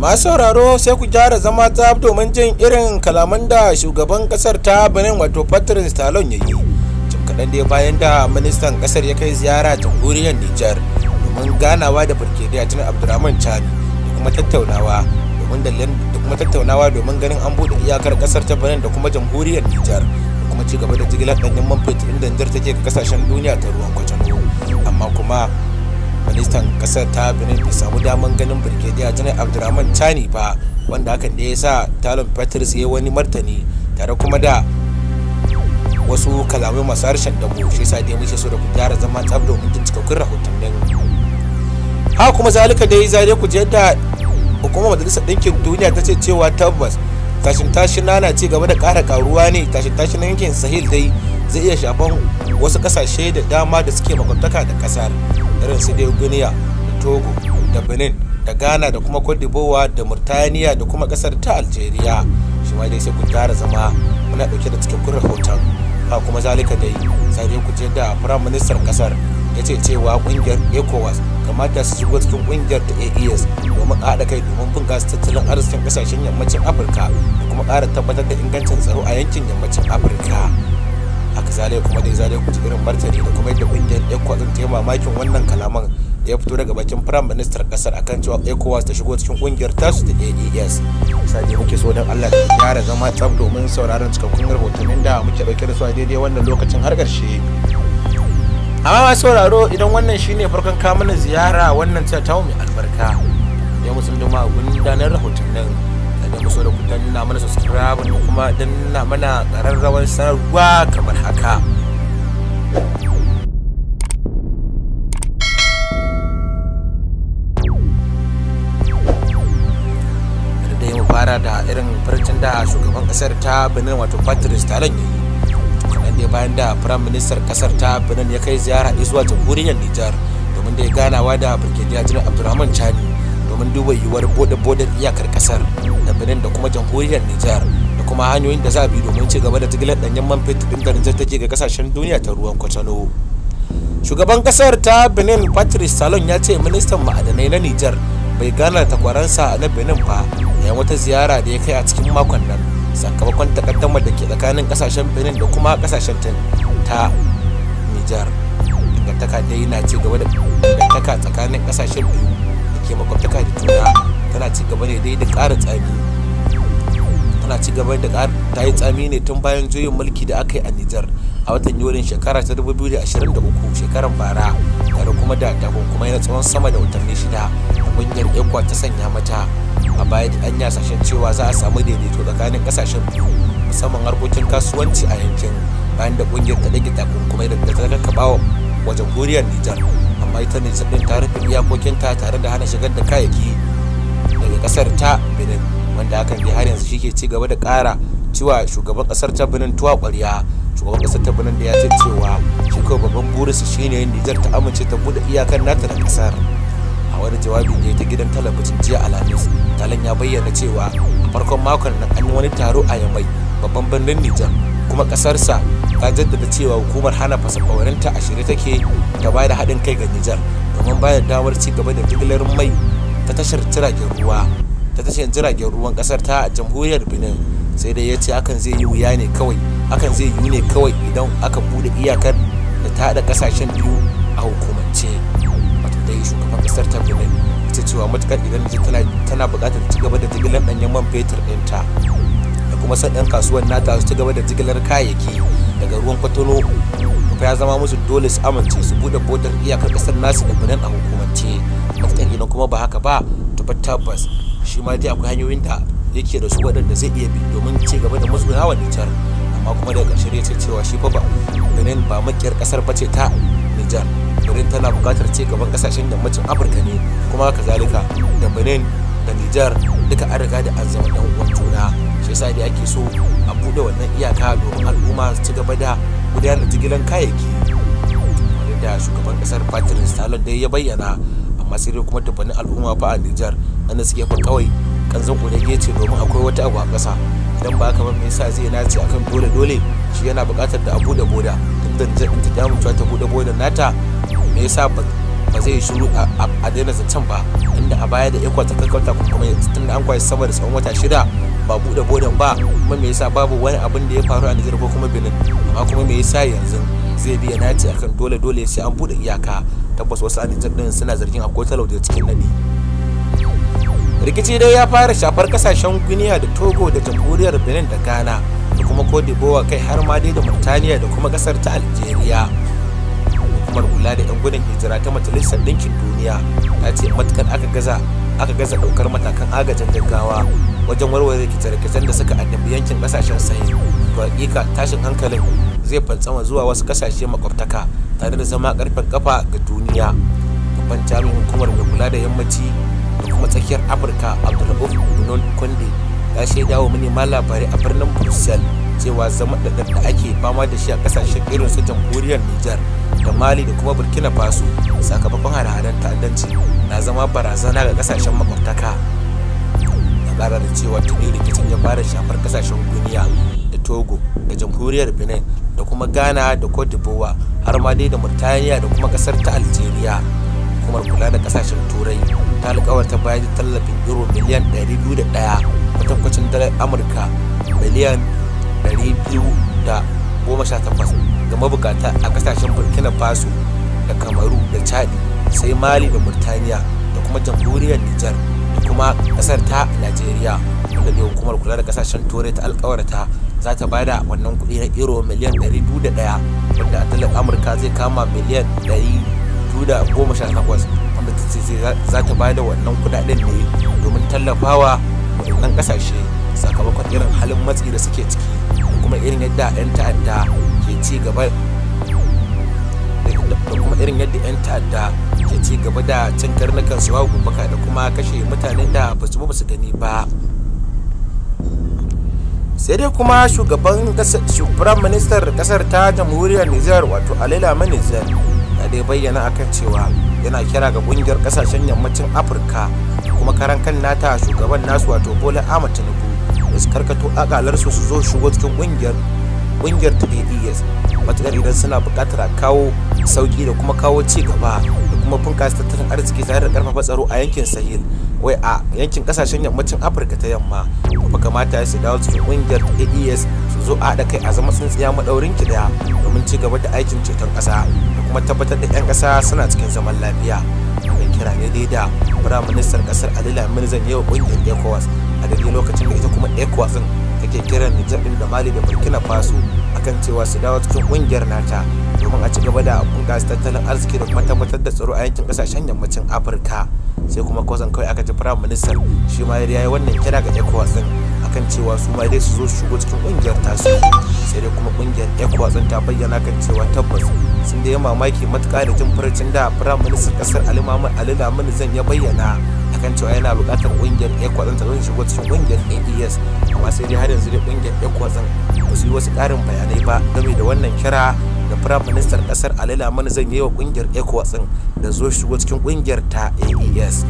masu sauraro sai ku gyara zama ta domin jin irin kalaman da shugaban kasar ta benin wato patrice talon ya yi jim kaɗan dai bayan da ministan kasar ya kai ziyara jamhuriyar nijar domin ganawa da birgediya tun abdurrahman chani da kuma tattaunawa domin da kuma tattaunawa domin ganin an buɗe iyakar kasar ta benin da kuma jamhuriyar nijar da kuma ci gaba da jigilar ɗanyen man fetur inda nijar take ga kasashen duniya ta ruwan kwatano amma kuma ministan kasar ta benin bai samu daman ganin birgediya janar abdurrahman chani ba wanda hakan da ya sa talon petrus ya wani martani tare kuma da wasu kalamai masu harshen dabo shi sa dai mushe so da ku gyara zama tsab domin jin cikakkun rahotannin ha kuma zalika dai zare ku je da hukumar majalisar ɗinkin duniya ta ce cewa tabbas tashin tashin na ci gaba da ƙara karuwa ne tashin tashin yankin sahel dai zai iya shafan wasu ƙasashe da dama da suke makwabtaka da ƙasar irin su dai guinea da togo da benin da ghana da kuma cote da murtaniya da kuma kasar ta algeria shi ma dai sai ku tara zama muna dauke da cikakkun rahoton ba kuma zalika dai sai ku je da prime minister kasar ya ce cewa kungiyar ecowas kamata su shigo cikin kungiyar ta aes domin haɗa kai domin bunkasa tattalin arzikin kasashen yammacin afirka da kuma ƙara tabbatar da ingancin tsaro a yankin yammacin afirka haka zale kuma dai zale ku irin martani da kuma yadda kungiyar ecowas ta yi mamakin wannan kalaman da ya fito daga bakin firayim minister kasar akan cewa ecowas ta shigo cikin kungiyar tasu da aes misali muke so don allah ya gyara zama tsaf domin sauraron cikakkun rahotannin da muke dauke da su a daidai wannan lokacin har karshe amma masu sauraro idan wannan shine farkon kamunan ziyara wannan ta tawo mai albarka ya musulmi ma gudanar rahotannin da musu da ku danna mana subscribe da kuma danna mana ƙararrawar sanarwa kamar haka fara da irin farcin da shugaban kasar ta benin wato patrice talon ya yi kanan bayan da firayim ministar kasar ta benin ya kai ziyara zuwa jamhuriyar nijar domin da ya ganawa da birgidiyar jiran abdulrahman chani domin duba yiwuwar bude-bude iyakar kasar da benin da kuma jamhuriyar nijar da kuma hanyoyin da za a bi domin ci gaba da jigilar danyen man fetur din da take ga kasashen duniya ta ruwan kwatano shugaban kasar ta benin patrice salon ya ce ministan ma'adanai na nijar bai gana takwaransa na benin ba yayin wata ziyara da ya kai a cikin makon nan sakamakon takaddamar da ke tsakanin kasashen benin da kuma kasashen ta nijar dangantaka dai na ci gaba da dangantaka tsakanin kasashen biyu ke makwabtaka da juna tana ci gaba ne dai da ƙara tsami tana ci gaba da ta yi tsami ne tun bayan juyin mulki da aka yi a Nijar a watan Yulin shekara ta 2023 shekaran bara tare kuma da kuma na tsawon sama da watanni shida kungiyar ekwa ta sanya mata a baya an yi hasashen cewa za a samu daidaito tsakanin kasashen biyu musamman harkokin kasuwanci a yankin bayan da kungiyar ta dage takunkumai da ta kaba wa jamhuriyar Nijar. amma ita ne din ta iyakokin ta tare da hana shigar da kayayyaki daga kasar ta benin wanda hakan dai har yanzu shike ci gaba da ƙara cewa shugaban kasar ta benin tuwa ƙwarya shugaban kasar ta benin da ya ce cewa shi kawai babban burinsa shine nijar ta amince ta bude iyakar nata da kasar a wani jawabi ne ta gidan talabijin jiya alhamis talan ya bayyana cewa farkon makon nan an wani taro a yamai babban birnin nijar kuma kasarsa ta jaddada cewa hukumar hana fasafawarinta a shirye take da ba da haɗin kai ga nijar domin bayar damar ci gaba da jigilar mai ta tashar jiragen ruwa ta tashar jiragen ruwan ƙasar ta jamhuriyar benin sai dai ya ce hakan zai yi wuya ne kawai hakan zai yi ne kawai idan aka buɗe iyakar da ta haɗa ƙasashen biyu a hukumance wato dai shugaban ƙasar ta benin ita cewa matuƙar idan tana tana buƙatar ci gaba da jigilar ɗanyen man fetur ɗinta da kuma son ɗan kasuwan nata su ci gaba da jigilar kayayyaki daga ruwan kwatano kuma ya zama musu dole su amince su bude bodar iyakar kasar nasu da benin a hukumance matakan kuma ba haka ba to fa tabbas shi ma dai akwai hanyoyin da yake da su waɗanda zai iya bi domin ci gaba da musguna wa nijar amma kuma daga ƙarshe ya ce cewa shi fa ba benin ba makiyar kasar bace ta nijar benin tana buƙatar ci gaban ƙasashen yammacin afirka ne kuma kazalika da benin da nijar duka an riga da an zama ɗan uwa iyaka shi yasa dai ake so a buɗe wannan iyaka domin al'umma su ci gaba da gudanar da jigilan kayayyaki wani da shugaban kasar patrice talon dai ya bayyana amma sai dai kuma dubbanin al'umma fa a niger wanda suke fa kawai kanzon kurege ce domin akwai wata abu a ƙasa idan ba haka ba me yasa zai nace akan dole dole shi yana buƙatar da a buɗe boda tunda nijar inta ta damu ta buɗe boda nata me yasa ba ba zai shiru a daina zancen ba inda a baya da ikon ta kakkauta kuma tun da an kwaye sama da tsawon wata shida ba buɗe bodan ba kuma me yasa babu wani abin da ya faru a Nijar ko kuma Benin amma kuma me yasa yanzu zai biya naci akan dole dole sai an buɗe iyaka tabbas wasu a Nijar din suna zargin akwai talauci cikin nadi rikici dai ya fara shafar kasashen guniya da Togo da jamhuriyar Benin da Ghana da kuma Cote d'Ivoire kai har ma dai da Mauritania da kuma kasar ta Algeria hukumar kula da 'yan gudun hijira ta majalisar ɗinkin duniya ta ce matukan aka gaza aka gaza ɗaukar matakan agajin gaggawa wajen warware rikice-rikicen da suka addabi yankin kasashen sahi to hakika tashin hankalin zai fantsama zuwa wasu ƙasashe makwabtaka tare da zama karfin kafa ga duniya babban jami'in hukumar mai kula da yammaci da kuma tsakiyar afirka abdulrauf donald kunde ya shaida wa manema labarai a birnin brussels cewa zama da ake fama da shi a kasashen irin su jamhuriyar nijar. da mali da kuma burkina faso sakamakon hare ta'addanci na zama barazana ga kasashen makwabtaka na kara da cewa tuni rikicin ya fara shafar kasashen duniya da togo da jamhuriyar benin da kuma ghana da cote d'ivoire har ma dai da murtaniya da kuma kasar ta algeria kuma kula da kasashen turai ta alkawarta bayar da tallafin euro miliyan 201 kwatankwacin dalar amurka miliyan 218 ga mabukata a kasashen burkina faso da kamaru da chad sai mali da murtaniya da kuma jamhuriyar nijar da kuma kasar ta nigeria wanda ne hukumar kula da kasashen turai ta alkawarta za ta bada wannan kuɗi na euro miliyan 201 wanda a amurka zai kama miliyan 218 wanda ta ce za ta bada wannan kuɗaɗen ne domin tallafawa wannan kasashe sakamakon irin halin matsi da suke ciki kuma irin yadda 'yan ta'adda ke ci gaba da kuma irin yadda 'yan ta'adda ke ci gaba da cin karnukan su wa gubaka da kuma kashe mutanen da ba su ba su gani ba sai dai kuma shugaban shugaban minister kasar ta jamhuriyar nijar wato alila manizar na dai bayyana akan cewa yana kira ga kungiyar kasashen yammacin afirka kuma karan kan nata shugaban nasu wato bola ahmad tinubu da su karkato akalarsu su zo shugabancin cikin kungiyar kungiyar ta ADS matukar idan suna bukatar a kawo sauki da kuma kawo ci gaba da kuma bunkasa tattalin arziki tare da karfafa tsaro a yankin Sahel wai a yankin kasashen yammacin Afirka ta yamma kuma kamata su dawo cikin kungiyar ta ADS su zo a haɗa kai a zama tsintsiya maɗaurin ki daya domin ci gaba da aikin ceton kasa da kuma tabbatar da 'yan kasa suna cikin zaman lafiya. Mai kira ne dai da Firaministan kasar Ali Lamin zan yi wa ƙungiyar ECOWAS a daidai lokacin da ita kuma ECOWAS ake kira Nijar da Mali da Burkina Faso akan cewa su dawo cikin kungiyar nata domin a ci gaba da bunƙasa tattalin arziki da kuma tabbatar da tsaro a yankin kasashen yammacin Afirka sai kuma kwazan kawai aka ji firayim ministan shi ma ya yi wannan kira ga ECOWAS din akan cewa su ma dai su zo su shigo cikin kungiyar tasu sai dai kuma kungiyar ECOWAS ta bayyana kan cewa tabbas sun da ya mamaki matuƙa da jin furcin da firayim ministan ƙasar Ali Mamman Ali zan ya bayyana kan cewa yana bukatar ƙungiyar ECOWAS ta zo shigo cikin ƙungiyar AES amma sai dai har yanzu dai ƙungiyar ECOWAS ba su yi wasu ƙarin bayanai ba game da wannan kira da firayim ministan ƙasar Ali Lamani zan yi wa ƙungiyar ECOWAS da zo shigo cikin ƙungiyar ta AES.